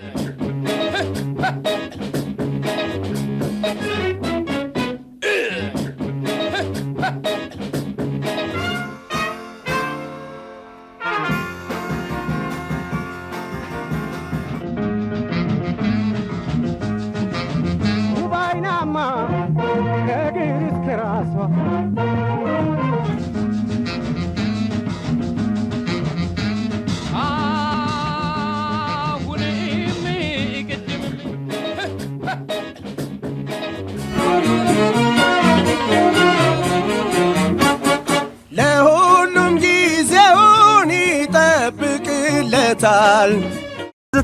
Yeah.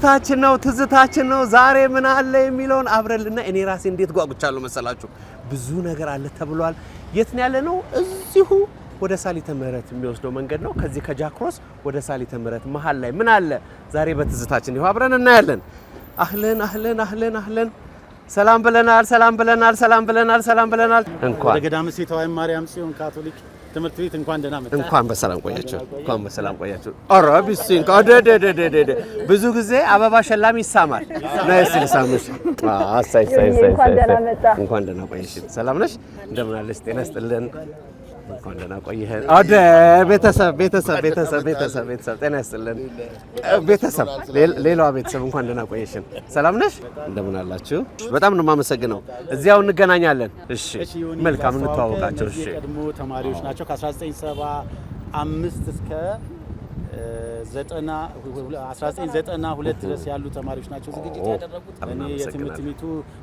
ውበታችን ነው፣ ትዝታችን ነው። ዛሬ ምን አለ የሚለውን አብረልና እኔ ራሴ እንዴት ጓጉቻለሁ መሰላችሁ። ብዙ ነገር አለ ተብሏል። የት ነው ያለ ነው? እዚሁ ወደ ሳሊተ ምህረት የሚወስደው መንገድ ነው። ከዚህ ከጃክሮስ ወደ ሳሊተ ምህረት መሀል ላይ ምን አለ ዛሬ በትዝታችን ይሁ አብረን እናያለን። አህለን አህለን አህለን አህለን ሰላም ብለናል፣ ሰላም ብለናል፣ ሰላም ብለናል፣ ሰላም ብለናል። እንኳን ወደ ገዳመ ሴተ ማርያም ጽዮን ካቶሊክ ትምህርት ቤት እንኳን ደህና መጣህ። እንኳን በሰላም ቆያችሁ፣ እንኳን በሰላም ቆያችሁ። ኧረ ቢስኝ ብዙ ጊዜ አበባ ሸላም ይሳማል። ነይ ልሳምሽ። አሳይ ሳይ ሳይ። እንኳን ደህና ቆየሽ። ሰላም ነሽ? እንደምን አለሽ? ጤና ይስጥልን። እንኳን ደህና ቆየህ። ወደ ቤተሰብ ቤተሰብ ቤተሰብ ቤተሰብ ቤተሰብ ጤና ይስጥልን። ቤተሰብ ሌላዋ ቤተሰብ እንኳን ደህና ቆየሽን። ሰላም ነሽ? እንደምን አላችሁ? በጣም ነው የማመሰግነው። እዚያው እንገናኛለን። እሺ፣ መልካም እንተዋወቃቸው። እሺ፣ ቀድሞ ተማሪዎች ናቸው ከ1975 እስከ 1992 ድረስ ያሉ ተማሪዎች ናቸው ዝግጅት ያደረጉት። እኔ የትምህርት ቤቱ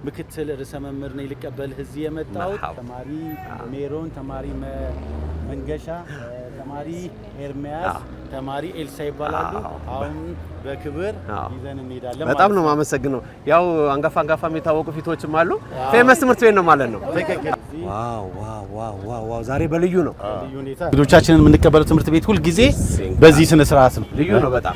ምክትል ርዕሰ መምህር ነኝ። ልቀበል እዚህ የመጣሁት ተማሪ ሜሮን፣ ተማሪ መንገሻ ተማሪ ኤርሚያስ ተማሪ ኤልሳ ይባላሉ። አሁን በክብር ይዘን እንሄዳለን። በጣም ነው የማመሰግነው። ያው አንጋፋ አንጋፋ የሚታወቁ ፊቶችም አሉ። ፌመስ ትምህርት ቤት ነው ማለት ነው። ዋው ዛሬ በልዩ ነው ልዩ የምንቀበለው ትምህርት ቤት ሁልጊዜ በዚህ ስነ ስርዓት ነው። ልዩ ነው በጣም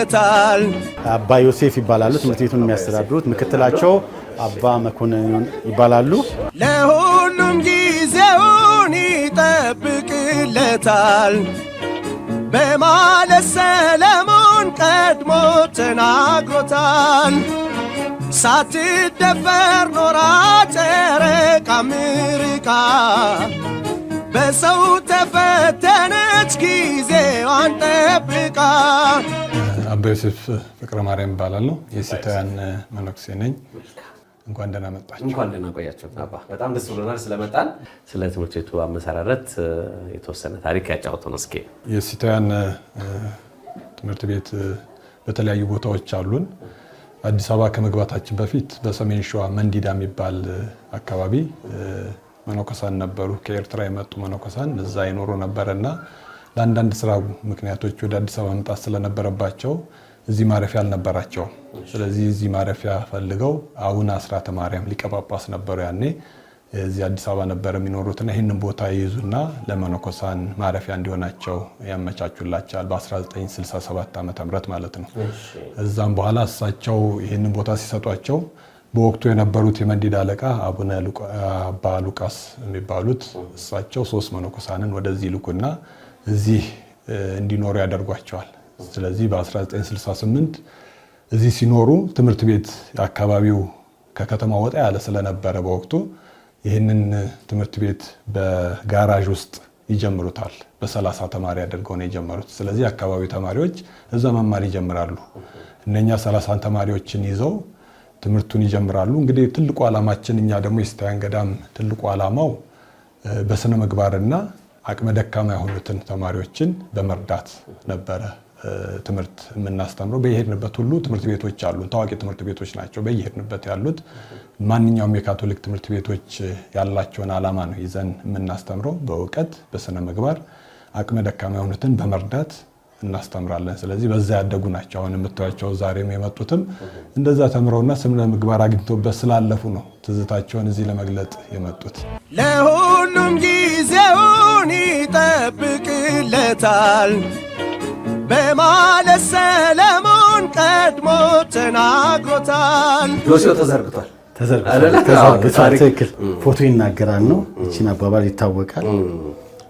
ይመታል። አባ ዮሴፍ ይባላሉ። ትምህርት ቤቱን የሚያስተዳድሩት ምክትላቸው አባ መኮንን ይባላሉ። ለሁሉም ጊዜውን ይጠብቅለታል በማለት ሰለሞን ቀድሞ ተናግሮታል። ሳትደፈር ኖራ ጨረቃ ምርቃ በሰው ተፈተነች ጊዜዋን ጠብቃ። አባ ዮሴፍ ፍቅረ ማርያም እባላለሁ። የሴታውያን መነኩሴ ነኝ። እንኳን ደህና መጣችሁ። እንኳን ደህና ቆያችሁ። አባ በጣም ደስ ብሎናል ስለመጣን። ስለ ትምህርት ቤቱ አመሰራረት የተወሰነ ታሪክ ያጫውተን እስኪ። የሴታውያን ትምህርት ቤት በተለያዩ ቦታዎች አሉን። አዲስ አበባ ከመግባታችን በፊት በሰሜን ሸዋ መንዲዳ የሚባል አካባቢ መነኮሳን ነበሩ። ከኤርትራ የመጡ መነኮሳን እዛ ይኖሩ ነበረና ለአንዳንድ ስራ ምክንያቶች ወደ አዲስ አበባ መምጣት ስለነበረባቸው እዚህ ማረፊያ አልነበራቸውም። ስለዚህ እዚህ ማረፊያ ፈልገው አቡነ አስራተ ማርያም ሊቀ ጳጳስ ነበሩ። ያኔ እዚህ አዲስ አበባ ነበር የሚኖሩትና ይህንን ቦታ ይይዙና ለመነኮሳን ማረፊያ እንዲሆናቸው ያመቻቹላቸዋል በ1967 ዓ ም ማለት ነው። እዛም በኋላ እሳቸው ይህንን ቦታ ሲሰጧቸው በወቅቱ የነበሩት የመንዲድ አለቃ አቡነ አባ ሉቃስ የሚባሉት እሳቸው ሶስት መነኮሳንን ወደዚህ ልኩና እዚህ እንዲኖሩ ያደርጓቸዋል። ስለዚህ በ1968 እዚህ ሲኖሩ ትምህርት ቤት አካባቢው ከከተማ ወጣ ያለ ስለነበረ በወቅቱ ይህንን ትምህርት ቤት በጋራዥ ውስጥ ይጀምሩታል። በሰላሳ ተማሪ አድርገው ነው የጀመሩት። ስለዚህ አካባቢው ተማሪዎች እዛ መማር ይጀምራሉ። እነኛ ሰላሳን ተማሪዎችን ይዘው ትምህርቱን ይጀምራሉ። እንግዲህ ትልቁ ዓላማችን እኛ ደግሞ የስታያን ገዳም ትልቁ ዓላማው በስነ ምግባርና አቅመ ደካማ የሆኑትን ተማሪዎችን በመርዳት ነበረ ትምህርት የምናስተምረው። በየሄድንበት ሁሉ ትምህርት ቤቶች አሉ። ታዋቂ ትምህርት ቤቶች ናቸው በየሄድንበት ያሉት። ማንኛውም የካቶሊክ ትምህርት ቤቶች ያላቸውን ዓላማ ነው ይዘን የምናስተምረው፣ በእውቀት በስነ ምግባር አቅመ ደካማ የሆኑትን በመርዳት እናስተምራለን። ስለዚህ በዛ ያደጉ ናቸው። አሁን የምታዩቸው ዛሬም የመጡትም እንደዛ ተምረውና ስምለ ምግባር አግኝቶበት ስላለፉ ነው ትዝታቸውን እዚህ ለመግለጥ የመጡት። ለሁሉም ጊዜውን ይጠብቅለታል በማለት ሰለሞን ቀድሞ ተናግሮታል። ዶሴው ተዘርግቷል ተዘርግቷል። ትክክል ፎቶ ይናገራል ነው። ይችን አባባል ይታወቃል።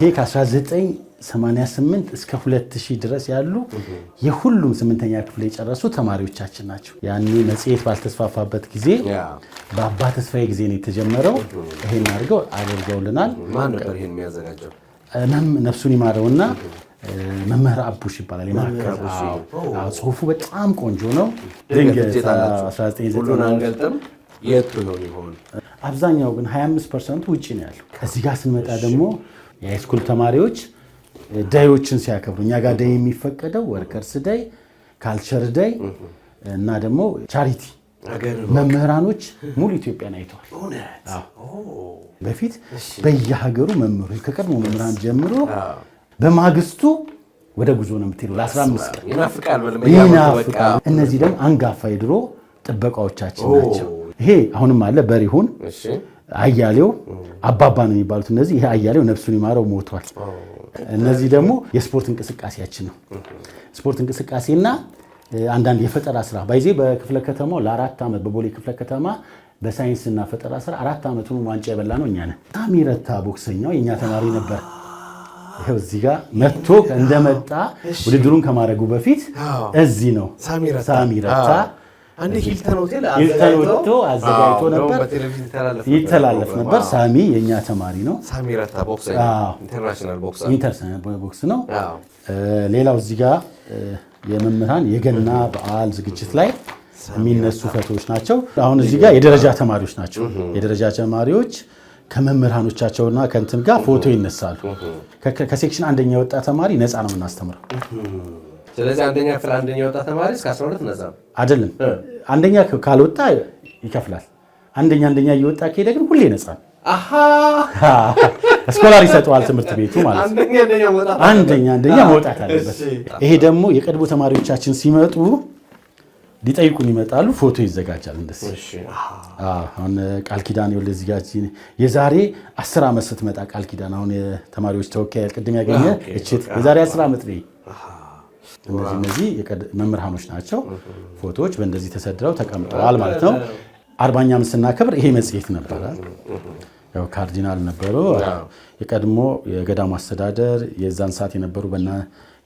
ይሄ ከ19 88 እስከ 2000 ድረስ ያሉ የሁሉም ስምንተኛ ክፍል የጨረሱ ተማሪዎቻችን ናቸው። ያኔ መጽሔት ባልተስፋፋበት ጊዜ በአባ ተስፋዬ ጊዜ ነው የተጀመረው። ይሄን አድርገው አድርገውልናል። ማን ነበር ይሄን የሚያዘጋጀው? ነፍሱን ይማረውና መምህር አቡሽ ይባላል። ጽሁፉ በጣም ቆንጆ ነው። ድንገት የቱ ነው ሊሆን አብዛኛው ግን 25 ፐርሰንቱ ውጭ ነው ያለው። ከዚህ ጋር ስንመጣ ደግሞ የሃይስኩል ተማሪዎች ዳዮችን ሲያከብሩ እኛ ጋር ዳይ የሚፈቀደው ወርከርስ ዳይ፣ ካልቸር ዳይ እና ደግሞ ቻሪቲ መምህራኖች ሙሉ ኢትዮጵያን አይተዋል። በፊት በየሀገሩ መምህሩ ከቀድሞ መምህራን ጀምሮ በማግስቱ ወደ ጉዞ ነው የምትሄደው። ለ15 ቀን ይናፍቃል። እነዚህ ደግሞ አንጋፋ የድሮ ጥበቃዎቻችን ናቸው። ይሄ አሁንም አለ በሪሁን አያሌው አባባ ነው የሚባሉት እነዚህ። ይሄ አያሌው ነፍሱን ይማረው ሞቷል። እነዚህ ደግሞ የስፖርት እንቅስቃሴያችን ነው። ስፖርት እንቅስቃሴና አንዳንድ የፈጠራ ስራ ባይዜ በክፍለ ከተማው ለአራት ዓመት በቦሌ ክፍለ ከተማ በሳይንስና ፈጠራ ስራ አራት ዓመቱን ዋንጫ የበላ ነው እኛ ነን። በጣም የረታ ቦክሰኛው የእኛ ተማሪ ነበር። ይኸው እዚህ ጋር መጥቶ እንደመጣ ውድድሩን ከማድረጉ በፊት እዚህ ነው ሳሚ ረታ ሂልተን ወጥቶ አዘጋጅቶ ነበር፣ ይተላለፍ ነበር። ሳሚ የእኛ ተማሪ ነው። ኢንተርናሽናል ቦክስ ነው። ሌላው እዚህ ጋር የመምህራን የገና በዓል ዝግጅት ላይ የሚነሱ ፈቶዎች ናቸው። አሁን እዚህ ጋር የደረጃ ተማሪዎች ናቸው። የደረጃ ተማሪዎች ከመምህራኖቻቸውና ከእንትን ጋር ፎቶ ይነሳሉ። ከሴክሽን አንደኛ የወጣ ተማሪ ነፃ ነው የምናስተምረው ስለዚህ አንደኛ ክፍል አንደኛ የወጣ ተማሪ እስከ 12 ነዛ አይደለም። አንደኛ ካልወጣ ይከፍላል። አንደኛ አንደኛ እየወጣ ከሄደ ግን ሁሌ ነፃ ነው። አሃ ስኮላር ይሰጠዋል ትምህርት ቤቱ ማለት ነው። አንደኛ አንደኛ መውጣት አለበት። ይሄ ደግሞ የቀድሞ ተማሪዎቻችን ሲመጡ ሊጠይቁን ይመጣሉ። ፎቶ ይዘጋጃል። እንደዚህ አሁን ቃል ኪዳን ይኸውልህ እዚህ ጋር የዛሬ አስር ዓመት ስትመጣ ቃል ኪዳን አሁን የተማሪዎች ተወካይ ቅድም ያገኘ እችት የዛሬ አስር ዓመት ነው እነዚህ እነዚህ መምህራኖች ናቸው። ፎቶዎች በእንደዚህ ተሰድረው ተቀምጠዋል ማለት ነው። አርባኛም ስናከብር ይሄ መጽሔት ነበረ። ያው ካርዲናል ነበሩ የቀድሞ የገዳሙ አስተዳደር የዛን ሰዓት የነበሩ በና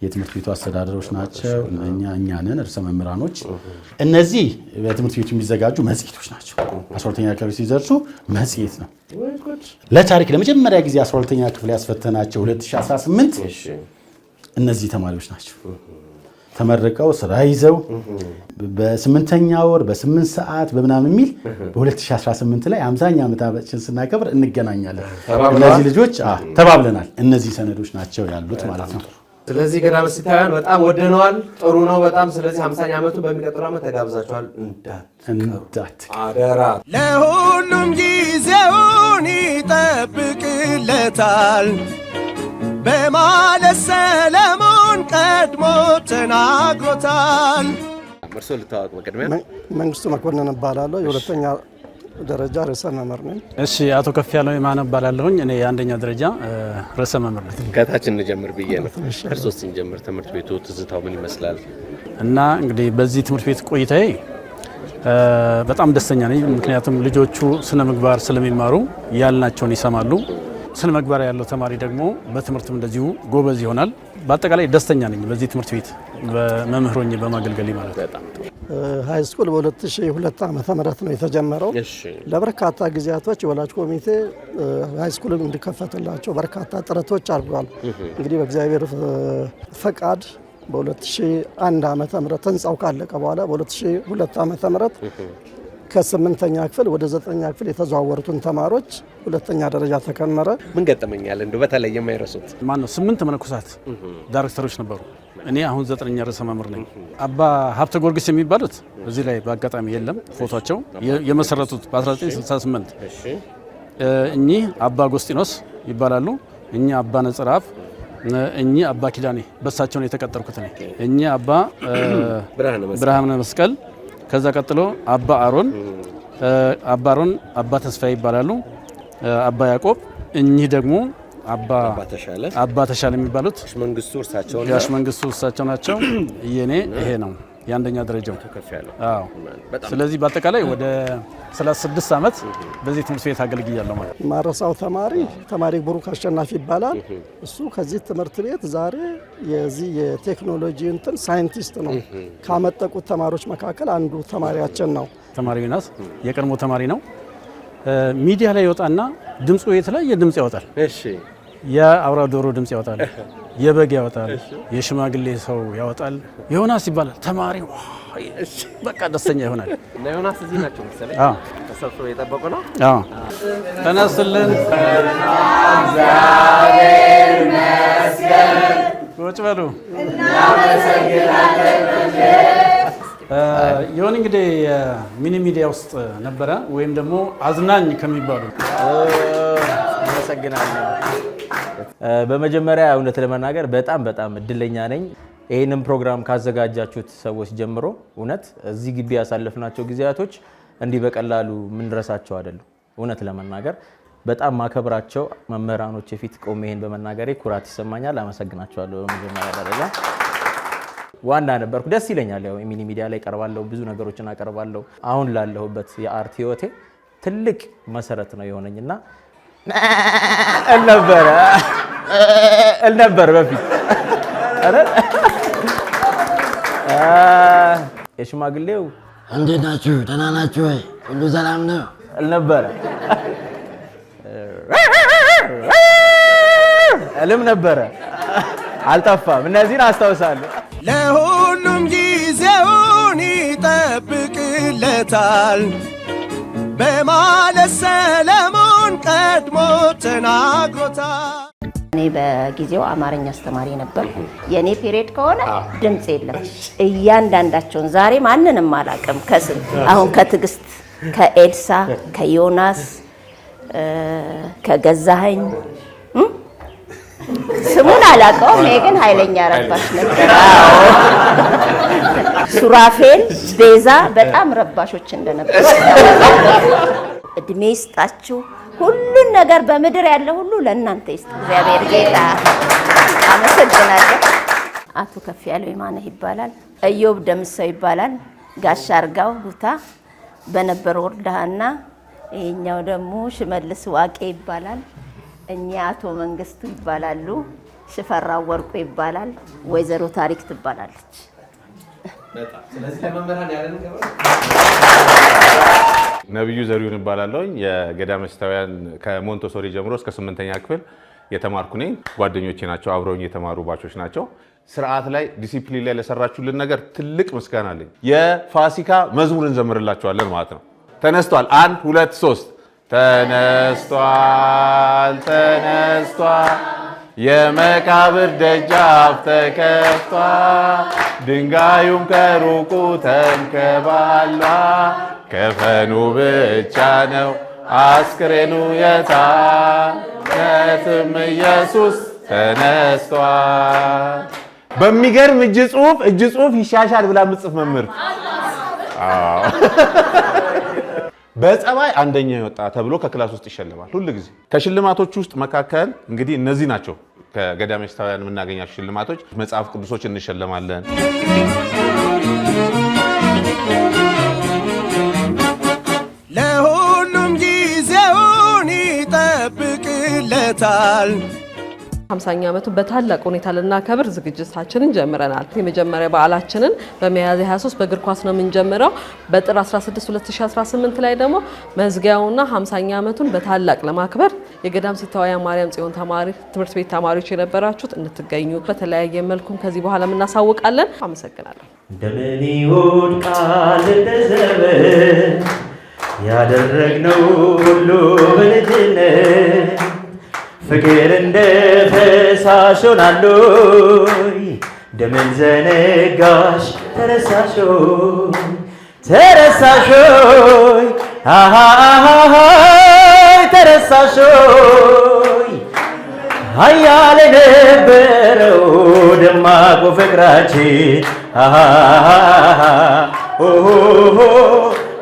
የትምህርት ቤቱ አስተዳደሮች ናቸው። እኛ እኛንን እርሰ መምህራኖች እነዚህ በትምህርት ቤቱ የሚዘጋጁ መጽሔቶች ናቸው። አስራሁለተኛ ክፍል ሲደርሱ መጽሔት ነው። ለታሪክ ለመጀመሪያ ጊዜ አስራሁለተኛ ክፍል ያስፈተናቸው 2018 እነዚህ ተማሪዎች ናቸው። ተመርቀው ስራ ይዘው በስምንተኛ ወር በስምንት ሰዓት በምናምን የሚል በ2018 ላይ አምሳኛ ዓመታችን ስናከብር እንገናኛለን። እነዚህ ልጆች ተባብለናል። እነዚህ ሰነዶች ናቸው ያሉት ማለት ነው። ስለዚህ ገዳመ ሲታውያን በጣም ወደነዋል። ጥሩ ነው በጣም ስለዚህ አምሳኛ ዓመቱ በሚቀጥሩ ዓመት ተጋብዛችኋል። እንዳት አደራ ለሁሉም ጊዜውን ይጠብቅለታል በማለት ቀድሞ ተናግሮታል። እርሶ ልታወቅ በቅድሚያ መንግስቱ መኮንን እባላለሁ። የሁለተኛ ደረጃ ርዕሰ መምህር ነኝ። እሺ አቶ ከፍ ያለው የማነ እባላለሁኝ። እኔ የአንደኛ ደረጃ ርዕሰ መምህር ነኝ። ከታች እንጀምር ብዬ ነው። እርሶ ስንጀምር ትምህርት ቤቱ ትዝታው ምን ይመስላል? እና እንግዲህ በዚህ ትምህርት ቤት ቆይታዬ በጣም ደስተኛ ነኝ። ምክንያቱም ልጆቹ ስነ ምግባር ስለሚማሩ ያልናቸውን ይሰማሉ ስነ ምግባር ያለው ተማሪ ደግሞ በትምህርትም እንደዚሁ ጎበዝ ይሆናል። በአጠቃላይ ደስተኛ ነኝ በዚህ ትምህርት ቤት በመምህሮኝ በማገልገል ማለት ነው። ሀይ ስኩል በ2002 ዓ ምህረት ነው የተጀመረው። ለበርካታ ጊዜያቶች ወላጅ ኮሚቴ ሀይ ስኩልን እንዲከፈትላቸው በርካታ ጥረቶች አድርጓል። እንግዲህ በእግዚአብሔር ፈቃድ በ2001 ዓ ምህረት ህንፃው ካለቀ በኋላ በ2002 ዓ ምህረት ከስምንተኛ ክፍል ወደ ዘጠነኛ ክፍል የተዘዋወሩትን ተማሪዎች ሁለተኛ ደረጃ ተከመረ። ምን ገጠመኛል እንደ በተለይ የማይረሱት ማን ነው? ስምንት መነኮሳት ዳይሬክተሮች ነበሩ። እኔ አሁን ዘጠነኛ ርዕሰ መምህር ነኝ። አባ ሀብተ ጊዮርጊስ የሚባሉት እዚህ ላይ በአጋጣሚ የለም ፎቶቸው። የመሰረቱት በ1968 እኚህ አባ አጎስጢኖስ ይባላሉ። እኚህ አባ ነጽራፍ እኚህ አባ ኪዳኔ በሳቸው ነው የተቀጠርኩት። እኚህ አባ ብርሃነ መስቀል ከዛ ቀጥሎ አባ አሮን አባ አሮን አባ ተስፋ ይባላሉ። አባ ያዕቆብ እኚህ ደግሞ አባ ተሻለ የሚባሉት መንግስቱ እርሳቸው ናቸው። የኔ ይሄ ነው። የአንደኛ ደረጃው። ስለዚህ በአጠቃላይ ወደ 36 ዓመት በዚህ ትምህርት ቤት አገልግያለሁ ማለት ነው። ማረሳው ተማሪ ተማሪ ብሩክ አሸናፊ ይባላል። እሱ ከዚህ ትምህርት ቤት ዛሬ የዚህ የቴክኖሎጂ እንትን ሳይንቲስት ነው። ካመጠቁት ተማሪዎች መካከል አንዱ ተማሪያችን ነው። ተማሪ ዮናስ የቀድሞ ተማሪ ነው። ሚዲያ ላይ ይወጣና ድምፁ የተለያየ ድምፅ ያወጣል። የአውራ ዶሮ ድምፅ ያወጣል። የበግ ያወጣል፣ የሽማግሌ ሰው ያወጣል። ዮናስ ይባላል ተማሪ በቃ ደስተኛ ይሆናል። ዮናስ እዚህ ናቸው መሰለኝ ተሰብስበው የጠበቁ ነው። ተነስልን እግዚአብሔር ይመስገን። ቁጭ በሉ። እንግዲህ ሚኒ ሚዲያ ውስጥ ነበረ ወይም ደግሞ አዝናኝ ከሚባሉ አመሰግናለሁ። በመጀመሪያ እውነት ለመናገር በጣም በጣም እድለኛ ነኝ። ይህንም ፕሮግራም ካዘጋጃችሁት ሰዎች ጀምሮ እውነት እዚህ ግቢ ያሳለፍናቸው ጊዜያቶች እንዲህ በቀላሉ ምንረሳቸው አይደሉም። እውነት ለመናገር በጣም ማከብራቸው መምህራኖች የፊት ቆሜ ይህን በመናገሬ ኩራት ይሰማኛል። አመሰግናቸዋለሁ። በመጀመሪያ ደረጃ ዋና ነበርኩ። ደስ ይለኛል። ያው ሚኒ ሚዲያ ላይ ቀርባለሁ፣ ብዙ ነገሮችን አቀርባለሁ። አሁን ላለሁበት የአርት ህይወቴ ትልቅ መሰረት ነው የሆነኝና እልነበረ እልነበር በፊት የሽማግሌው እንዴት ናችሁ? ደህና ናችሁ ወይ? ሁሉ ሰላም ነው እልነበረ እልም ነበረ። አልጠፋም። እነዚህን አስታውሳለሁ። ለሁሉም ጊዜውን ይጠብቅለታል በማለት ሰለማ ቀድሞ ተናግሮታል። እኔ በጊዜው አማርኛ አስተማሪ ነበር። የእኔ ፔሬድ ከሆነ ድምፅ የለም። እያንዳንዳቸውን ዛሬ ማንንም አላውቅም። ከስም አሁን ከትዕግስት ከኤልሳ ከዮናስ ከገዛኸኝ ስሙን አላውቀውም። ይሄ ግን ኃይለኛ ረባሽ ነበር። ሱራፌል፣ ቤዛ በጣም ረባሾች እንደነበሩ እድሜ ይስጣችሁ። ሁሉን ነገር በምድር ያለ ሁሉ ለእናንተ ይስጥ እግዚአብሔር ጌታ። አመሰግናለሁ። አቶ ከፍ ያለው የማነህ ይባላል። እዮብ ደምሰው ይባላል። ጋሻ አርጋው ሁታ በነበረ ወርዳሃና ይሄኛው ደግሞ ሽመልስ ዋቄ ይባላል። እኛ አቶ መንግስቱ ይባላሉ። ሽፈራው ወርቁ ይባላል። ወይዘሮ ታሪክ ትባላለች። ነብዩ ዘሪሁን እባላለሁኝ። የገዳመ ሲታውያን ከሞንቶሶሪ ጀምሮ እስከ ስምንተኛ ክፍል የተማርኩ ነኝ። ጓደኞቼ ናቸው አብረውኝ የተማሩ ባቾች ናቸው። ስርዓት ላይ ዲሲፕሊን ላይ ለሰራችሁልን ነገር ትልቅ ምስጋና አለኝ። የፋሲካ መዝሙር እንዘምርላችኋለን ማለት ነው። ተነስቷል። አንድ ሁለት ሶስት ተነስቷል፣ ተነስቷል የመቃብር ደጃፍ ተከፍቷል፣ ድንጋዩም ከሩቁ ተንከባሏል። ከፈኑ ብቻ ነው አስክሬኑ የታነትም ኢየሱስ ተነስቷል። በሚገርም እጅ ጽሁፍ እጅ ጽሁፍ ይሻሻል ብላ ምጽፍ መምር! በጸባይ አንደኛ የወጣ ተብሎ ከክላስ ውስጥ ይሸልማል ሁል ጊዜ። ከሽልማቶች ውስጥ መካከል እንግዲህ እነዚህ ናቸው። ከገዳሜስታውያን የምናገኛቸው ሽልማቶች መጽሐፍ ቅዱሶች እንሸልማለን። ለሁሉም ጊዜውን ይጠብቅለታል። ሃምሳኛ ዓመቱ በታላቅ ሁኔታ ልናከብር ዝግጅታችንን ጀምረናል። የመጀመሪያ በዓላችንን በሚያዝያ 23 በእግር ኳስ ነው የምንጀምረው። በጥር 16 2018 ላይ ደግሞ መዝጊያውና ሃምሳኛ ዓመቱን በታላቅ ለማክበር የገዳም ሲታውያ ማርያም ጽዮን ተማሪ ትምህርት ቤት ተማሪዎች የነበራችሁት እንትገኙ በተለያየ መልኩም ከዚህ በኋላ እናሳውቃለን። አመሰግናለሁ። እንደምን ይወድቃል እንደዘመን ያደረግነው ሁሉ በልጅነት ፍቅር እንደ ፈሳሽ ሆናሉ ደምን ዘነጋሽ ተረሳሾይ ተረሳሾይ አሃሃይ ተረሳሾይ ሀያል የነበረው ደማቁ ፍቅራችን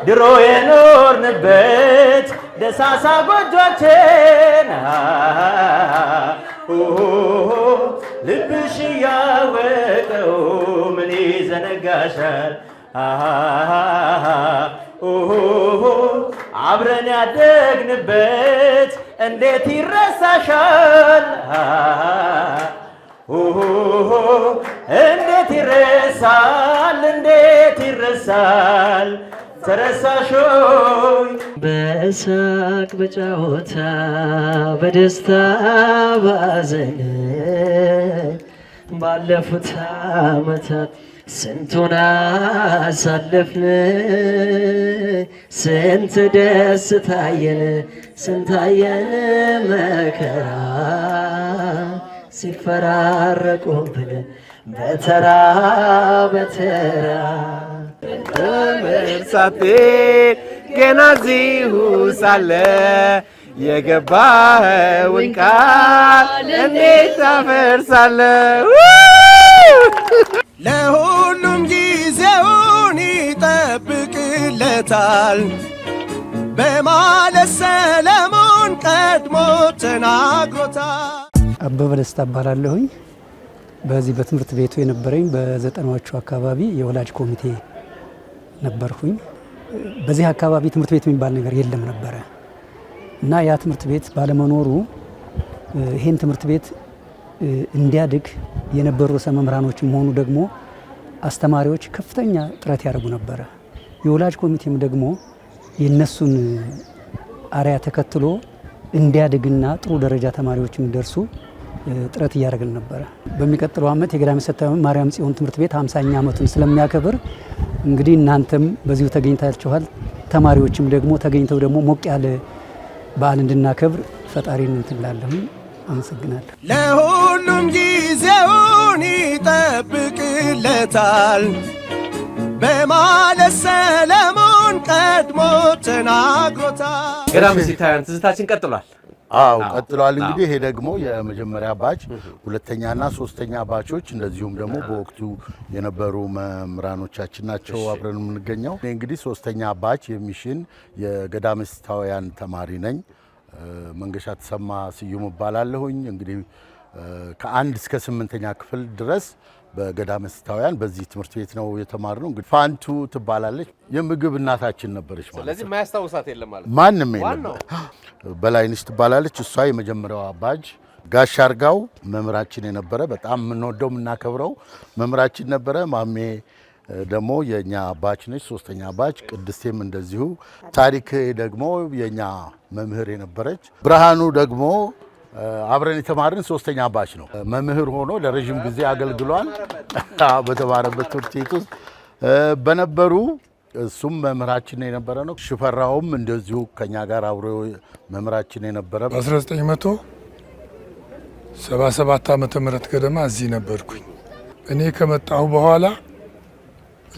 ድሮ የኖርንበት ደሳሳ ጎጆቼ በጨዋታ በደስታ ባዘን ባለፉት አመታት ስንቱን አሳለፍን ስንት ደስታየን ስንታየን መከራ ሲፈራረቁብን በተራ በተራ ገና ዚሁ ሳለ የገባኸውን ቃል እንዴት አፈርሳለ። ለሁሉም ጊዜውን ይጠብቅለታል በማለት ሰለሞን ቀድሞ ተናግሮታል። አበበ ደስታ እባላለሁኝ። በዚህ በትምህርት ቤቱ የነበረኝ በዘጠናዎቹ አካባቢ የወላጅ ኮሚቴ ነበርሁኝ። በዚህ አካባቢ ትምህርት ቤት የሚባል ነገር የለም ነበረ እና ያ ትምህርት ቤት ባለመኖሩ ይሄን ትምህርት ቤት እንዲያድግ የነበሩ ርዕሰ መምህራኖች ሆኑ ደግሞ አስተማሪዎች ከፍተኛ ጥረት ያደርጉ ነበረ። የወላጅ ኮሚቴም ደግሞ የነሱን አሪያ ተከትሎ እንዲያድግና ጥሩ ደረጃ ተማሪዎች እንዲደርሱ ጥረት እያደረግን ነበረ። በሚቀጥለው ዓመት የገዳመ ሰተማ ማርያም ጽዮን ትምህርት ቤት 50 ዓመቱን ስለሚያከብር እንግዲህ እናንተም በዚሁ ተገኝታችኋል። ተማሪዎችም ደግሞ ተገኝተው ደግሞ ሞቅ ያለ በዓል እንድናከብር ፈጣሪን እንትላለሁ። አመሰግናለሁ። ለሁሉም ጊዜውን ይጠብቅለታል በማለት ሰለሞን ቀድሞ ተናግሮታል። ገዳም ሲታያን ትዝታችን ቀጥሏል። አው ቀጥሏል። እንግዲህ ይሄ ደግሞ የመጀመሪያ ባች፣ ሁለተኛና ሶስተኛ ባቾች እንደዚሁም ደግሞ በወቅቱ የነበሩ መምህራኖቻችን ናቸው አብረን የምንገኘው። እኔ እንግዲህ ሶስተኛ ባች የሚሽን የገዳምስታውያን ተማሪ ነኝ። መንገሻ ተሰማ ስዩም እባላለሁኝ። እንግዲህ ከአንድ እስከ ስምንተኛ ክፍል ድረስ በገዳመ ስታውያን በዚህ ትምህርት ቤት ነው የተማርነው። እንግዲህ ፋንቱ ትባላለች የምግብ እናታችን ነበረች ማለት ነው። ስለዚህ ማያስታውሳት የለም ማለት ማንም የለም። በላይነሽ ትባላለች እሷ የመጀመሪያው አባጅ። ጋሽ አርጋው መምህራችን የነበረ በጣም የምንወደው የምናከብረው መምህራችን ነበረ። ማሜ ደግሞ የእኛ አባች ነች፣ ሶስተኛ አባች። ቅድስቴም እንደዚሁ። ታሪክ ደግሞ የእኛ መምህር የነበረች። ብርሃኑ ደግሞ አብረን የተማርን ሶስተኛ ባች ነው። መምህር ሆኖ ለረዥም ጊዜ አገልግሏል። በተማረበት ትምህርት ቤት ውስጥ በነበሩ እሱም መምህራችን የነበረ ነው። ሽፈራውም እንደዚሁ ከኛ ጋር አብሮ መምህራችን የነበረ በ1977 ዓመተ ምህረት ገደማ እዚህ ነበርኩኝ። እኔ ከመጣሁ በኋላ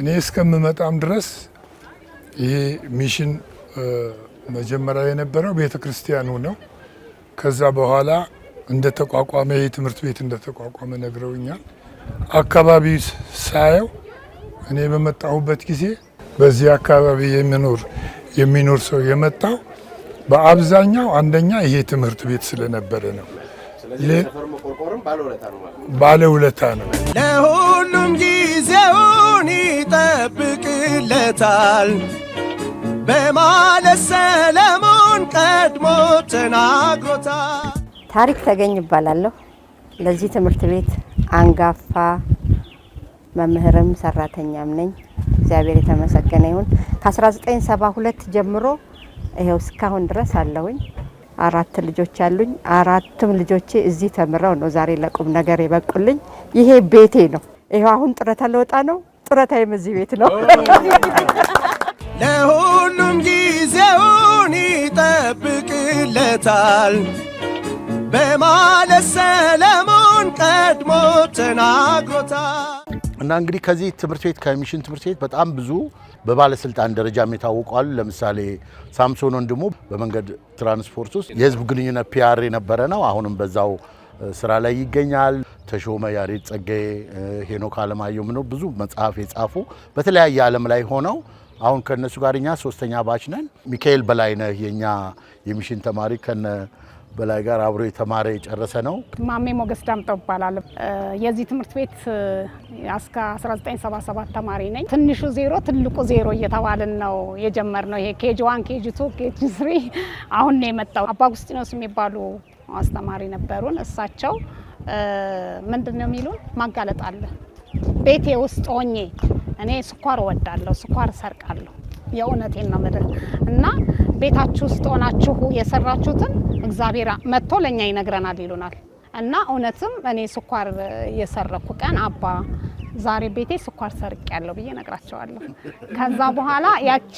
እኔ እስከምመጣም ድረስ ይሄ ሚሽን መጀመሪያ የነበረው ቤተ ክርስቲያኑ ነው። ከዛ በኋላ እንደ ተቋቋመ ይህ ትምህርት ቤት እንደ ተቋቋመ ነግረውኛል። አካባቢ ሳየው እኔ በመጣሁበት ጊዜ በዚህ አካባቢ የሚኖር የሚኖር ሰው የመጣው በአብዛኛው አንደኛ ይሄ ትምህርት ቤት ስለነበረ ነው። ውለታ ነው። ለሁሉም ጊዜውን ይጠብቅለታል በማለት ሰላም ቀድሞ ተናግሮታል። ታሪክ ተገኝ ይባላለሁ። ለዚህ ትምህርት ቤት አንጋፋ መምህርም ሰራተኛም ነኝ። እግዚአብሔር የተመሰገነ ይሁን። ከ1972 ጀምሮ ይኸው እስካሁን ድረስ አለሁኝ። አራት ልጆች አሉኝ። አራቱም ልጆቼ እዚህ ተምረው ነው ዛሬ ለቁም ነገር የበቁልኝ። ይሄ ቤቴ ነው። ይኸው አሁን ጡረታ ለወጣ ነው። ጡረታዬም እዚህ ቤት ነው። ለሁሉም ይሆንለታል በማለት ሰለሞን ቀድሞ ተናግሮታል። እና እንግዲህ ከዚህ ትምህርት ቤት ከሚሽን ትምህርት ቤት በጣም ብዙ በባለስልጣን ደረጃ የታወቁ ለምሳሌ ሳምሶን ወንድሙ በመንገድ ትራንስፖርት ውስጥ የህዝብ ግንኙነት ፒአር የነበረ ነው። አሁንም በዛው ስራ ላይ ይገኛል። ተሾመ ያሬድ ጸጋዬ፣ ሄኖክ አለማየሁ ምነው ብዙ መጽሐፍ የጻፉ በተለያየ ዓለም ላይ ሆነው አሁን ከነሱ ጋር እኛ ሶስተኛ ባች ነን። ሚካኤል በላይነህ የኛ የሚሽን ተማሪ ከነ በላይ ጋር አብሮ የተማረ የጨረሰ ነው። ማሜ ሞገስ ዳምጠው ይባላል። የዚህ ትምህርት ቤት እስከ 1977 ተማሪ ነኝ። ትንሹ ዜሮ ትልቁ ዜሮ እየተባልን ነው የጀመርነው። ይሄ ኬጅ ዋን፣ ኬጅ ቱ፣ ኬጅ ስሪ አሁን ነው የመጣው። አባጉስጢኖስ የሚባሉ አስተማሪ ነበሩን። እሳቸው ምንድን ነው የሚሉን ማጋለጥ አለ ቤቴ ውስጥ ሆኜ እኔ ስኳር እወዳለሁ፣ ስኳር እሰርቃለሁ። የእውነቴን ነው ምድር እና ቤታችሁ ውስጥ ሆናችሁ የሰራችሁትን እግዚአብሔር መጥቶ ለእኛ ይነግረናል ይሉናል። እና እውነትም እኔ ስኳር የሰረኩ ቀን አባ ዛሬ ቤቴ ስኳር ሰርቅ ያለው ብዬ ነግራቸዋለሁ። ከዛ በኋላ ያቺ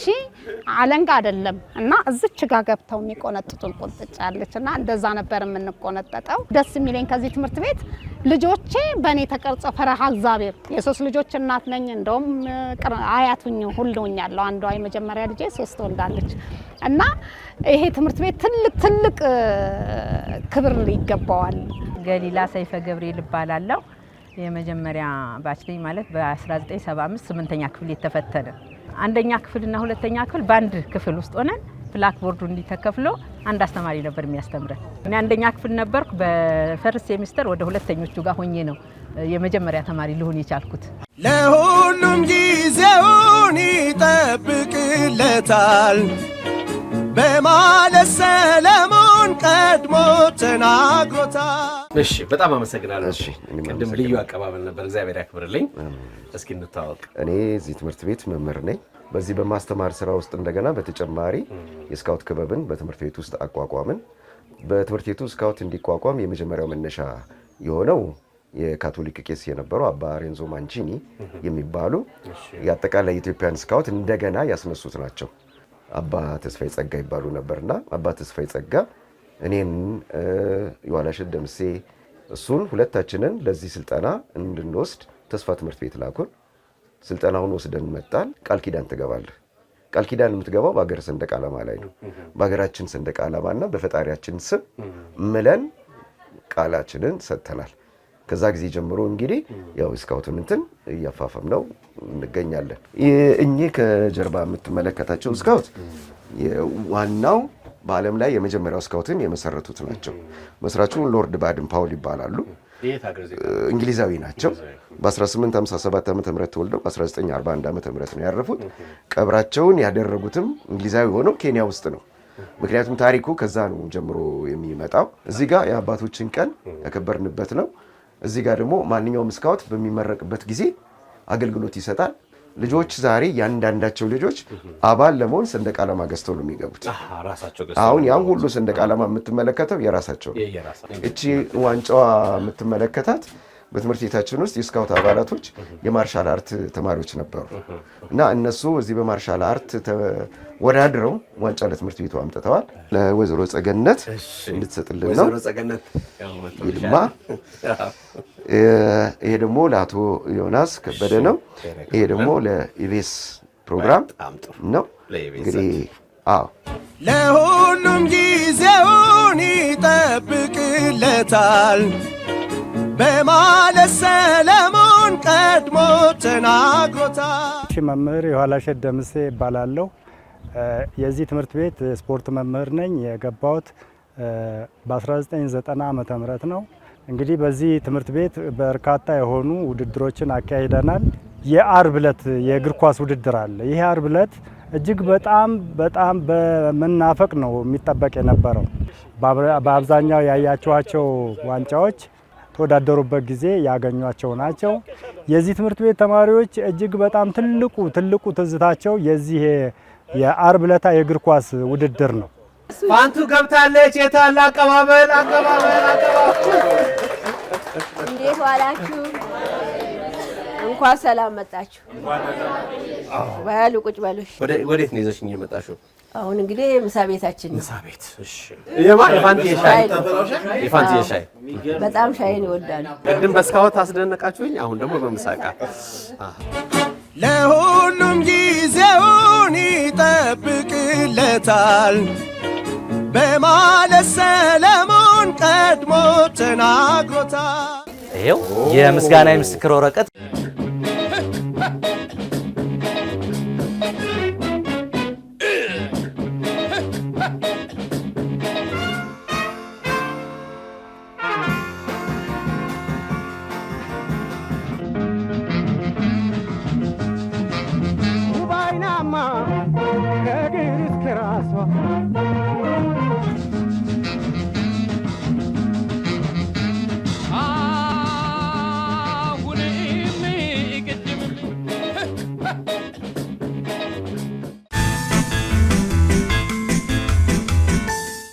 አለንጋ አይደለም እና እዚች ጋ ገብተው የሚቆነጥጡን ቁንጥጫ ያለች እና እንደዛ ነበር የምንቆነጠጠው። ደስ የሚለኝ ከዚህ ትምህርት ቤት ልጆቼ በእኔ ተቀርጸ ፈረሃ እግዚአብሔር የሶስት ልጆች እናት ነኝ። እንደውም አያቱኝ ሁሉኛለሁ። አንዷ የመጀመሪያ ልጄ ሶስት ወልዳለች። እና ይሄ ትምህርት ቤት ትልቅ ትልቅ ክብር ይገባዋል። ገሊላ ሰይፈ ገብርኤል እባላለሁ። የመጀመሪያ ባች ነኝ ማለት በ1975 ስምንተኛ ክፍል የተፈተነ አንደኛ ክፍልና ሁለተኛ ክፍል በአንድ ክፍል ውስጥ ሆነን ብላክቦርዱ እንዲተከፍሎ አንድ አስተማሪ ነበር የሚያስተምረን። እኔ አንደኛ ክፍል ነበርኩ። በፈርስ ሴሚስተር ወደ ሁለተኞቹ ጋር ሆኜ ነው የመጀመሪያ ተማሪ ልሆን የቻልኩት። ለሁሉም ጊዜውን ይጠብቅለታል በማለት ሰለሞን ቀድሞ ተናግሮታል። እሺ፣ በጣም አመሰግናለሁ። ቅድም ልዩ አቀባበል ነበር፣ እግዚአብሔር ያክብርልኝ። እስኪ እንታወቅ። እኔ እዚህ ትምህርት ቤት መምህር ነኝ። በዚህ በማስተማር ስራ ውስጥ እንደገና በተጨማሪ የስካውት ክበብን በትምህርት ቤት ውስጥ አቋቋምን። በትምህርት ቤቱ ስካውት እንዲቋቋም የመጀመሪያው መነሻ የሆነው የካቶሊክ ቄስ የነበሩ አባ ሬንዞ ማንቺኒ የሚባሉ የአጠቃላይ የኢትዮጵያን ስካውት እንደገና ያስነሱት ናቸው። አባ ተስፋዬ ጸጋ ይባሉ ነበርና አባ ተስፋዬ ጸጋ እኔን ዮሐናሽን ደምሴ እሱን ሁለታችንን ለዚህ ስልጠና እንድንወስድ ተስፋ ትምህርት ቤት ላኩን። ስልጠናውን ወስደን መጣን። ቃል ኪዳን ትገባለህ። ቃል ኪዳን የምትገባው በሀገር ሰንደቅ ዓላማ ላይ ነው። በሀገራችን ሰንደቅ ዓላማና በፈጣሪያችን ስም ምለን ቃላችንን ሰጥተናል። ከዛ ጊዜ ጀምሮ እንግዲህ ያው ስካውቱን እንትን እያፋፈም ነው እንገኛለን። እኚህ ከጀርባ የምትመለከታቸው እስካውት ዋናው በዓለም ላይ የመጀመሪያው ስካውትን የመሰረቱት ናቸው። መስራቹ ሎርድ ባድን ፓውል ይባላሉ። እንግሊዛዊ ናቸው። በ1857 ዓ ም ተወልደው በ1941 ዓ ም ነው ያረፉት። ቀብራቸውን ያደረጉትም እንግሊዛዊ ሆነው ኬንያ ውስጥ ነው። ምክንያቱም ታሪኩ ከዛ ነው ጀምሮ የሚመጣው። እዚህ ጋር የአባቶችን ቀን ያከበርንበት ነው። እዚህ ጋር ደግሞ ማንኛውም ስካውት በሚመረቅበት ጊዜ አገልግሎት ይሰጣል። ልጆች ዛሬ ያንዳንዳቸው ልጆች አባል ለመሆን ሰንደቅ ዓላማ ገዝተው ነው የሚገቡት። አሁን ያን ሁሉ ሰንደቅ ዓላማ የምትመለከተው የራሳቸው ነው። እቺ ዋንጫዋ የምትመለከታት በትምህርት ቤታችን ውስጥ የስካውት አባላቶች የማርሻል አርት ተማሪዎች ነበሩ እና እነሱ እዚህ በማርሻል አርት ወዳድረው ዋንጫ ለትምህርት ቤቱ አምጥተዋል። ለወይዘሮ ጸገነት እንድትሰጥልን ነው ይልማ። ይሄ ደግሞ ለአቶ ዮናስ ከበደ ነው። ይሄ ደግሞ ለኢቤስ ፕሮግራም ነው። እንግዲህ አዎ ለሁሉም ጊዜውን ይጠብቅለታል። በማለት ሰለሞን ቀድሞ ተናግሮታል። መምህር የኋላሸት ደምሴ እባላለሁ። የዚህ ትምህርት ቤት ስፖርት መምህር ነኝ። የገባሁት በ1990 ዓ ም ነው። እንግዲህ በዚህ ትምህርት ቤት በርካታ የሆኑ ውድድሮችን አካሂደናል። የአርብ ዕለት የእግር ኳስ ውድድር አለ። ይህ አርብ ዕለት እጅግ በጣም በጣም በመናፈቅ ነው የሚጠበቅ የነበረው። በአብዛኛው ያያችኋቸው ዋንጫዎች ተወዳደሩበት ጊዜ ያገኟቸው ናቸው። የዚህ ትምህርት ቤት ተማሪዎች እጅግ በጣም ትልቁ ትልቁ ትዝታቸው የዚህ የአርብ ለታ የእግር ኳስ ውድድር ነው። ፋንቱ ገብታለች። የታለ አቀባበል! አቀባበል! አቀባበል! እንዴት ዋላችሁ? እንኳን ሰላም መጣችሁ። በሉ ቁጭ በሉ። ወዴት ነው ይዘሽኝ የመጣሽው? አሁን እንግዲህ ምሳ ቤታችን ነው። ምሳ ቤት እሺ። የማ የፋንትዬ ሻይ የፋንትዬ ሻይ በጣም ሻይን ይወዳሉ። ቅድም በስካወት አስደነቃችሁኝ። አሁን ደግሞ በምሳቃ ለሁሉም ጊዜውን ይጠብቅለታል በማለት ሰለሞን ቀድሞ ተናግሮታል። ይኸው የምስጋና የምስክር ወረቀት